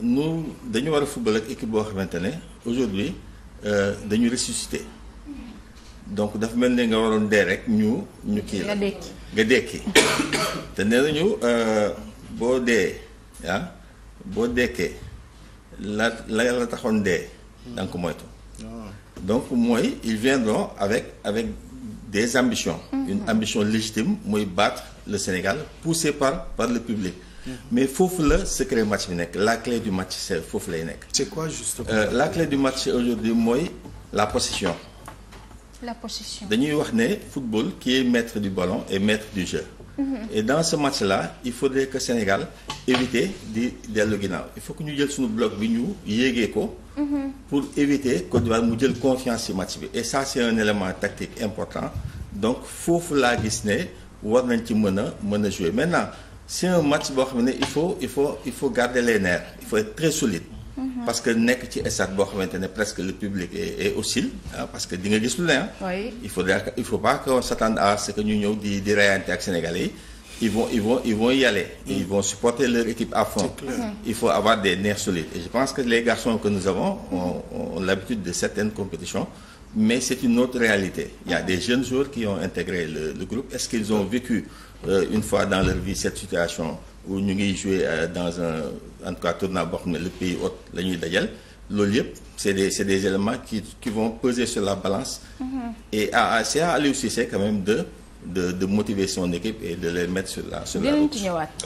nous dañu war a football ak équipe boo xamante ne aujourd'hui euh, dañu ressuscité donc dafa mel ne nga waroon dee rek ñu ñu kii la nga dekki te nee nañu euh, boo dee ah, boo dekkee la la la taxoon dee da nga ko moytu ah. donc mooy ils viendront avec avec des ambitions mm-hmm. une ambition légitime mooy battre le Sénégal poussé par par le public mais foofu la secret match bi nekk la clé du match c'est foofu lay nekk. c'est quoi justement. Euh, la clé du match aujourd'hui mooy la possession. la possession dañuy wax ne football ki est maître du ballon et maître du jeu. e -hmm. et dans ce match-là il faudrait que Sénégal éviter di dellu ginnaaw il faut que ñu jël suñu bloc bi ñu yéegee ko. Mhm. pour éviter Côte d'Ivoire mu jël confiance ci match bi et ça c'est un élément tactique important donc foofu laa gis ne war nañ ci mën a mën a jouer maintenant. c'est un match boo xam ne il faut il faut il faut garder les nerfs il faut être très solide. Mm-hmm. parce que nekk ci stade boo xamante ne presque le public est est parce que di nga gis lu ne il faudra il faut pas qu'on s'attende à ce que ñu ñëw di di rayante ak Sénégalais yi. ils vont y aller. ils vont supporter leur équipe à fond. Mm-hmm. il faut avoir des nerfs solides et je pense que les garçons que nous avons ont, ont l'habitude de certaines compétitions. mais c'est une autre réalité. Il y a des jeunes joueurs qui ont intégré le, le groupe. Est-ce qu'ils ont vécu euh, une fois dans leur vie cette situation où ñu ngi jouer euh, dans un en tout cas tournoi boo xam ne le pays hôte la ñuy dajal loolu yëpp c'est des c'est des éléments qui qui vont peser sur la balance. Mm-hmm. et à c'est à Aliou quand même de de de motiver son équipe et de les mettre sur sur la route.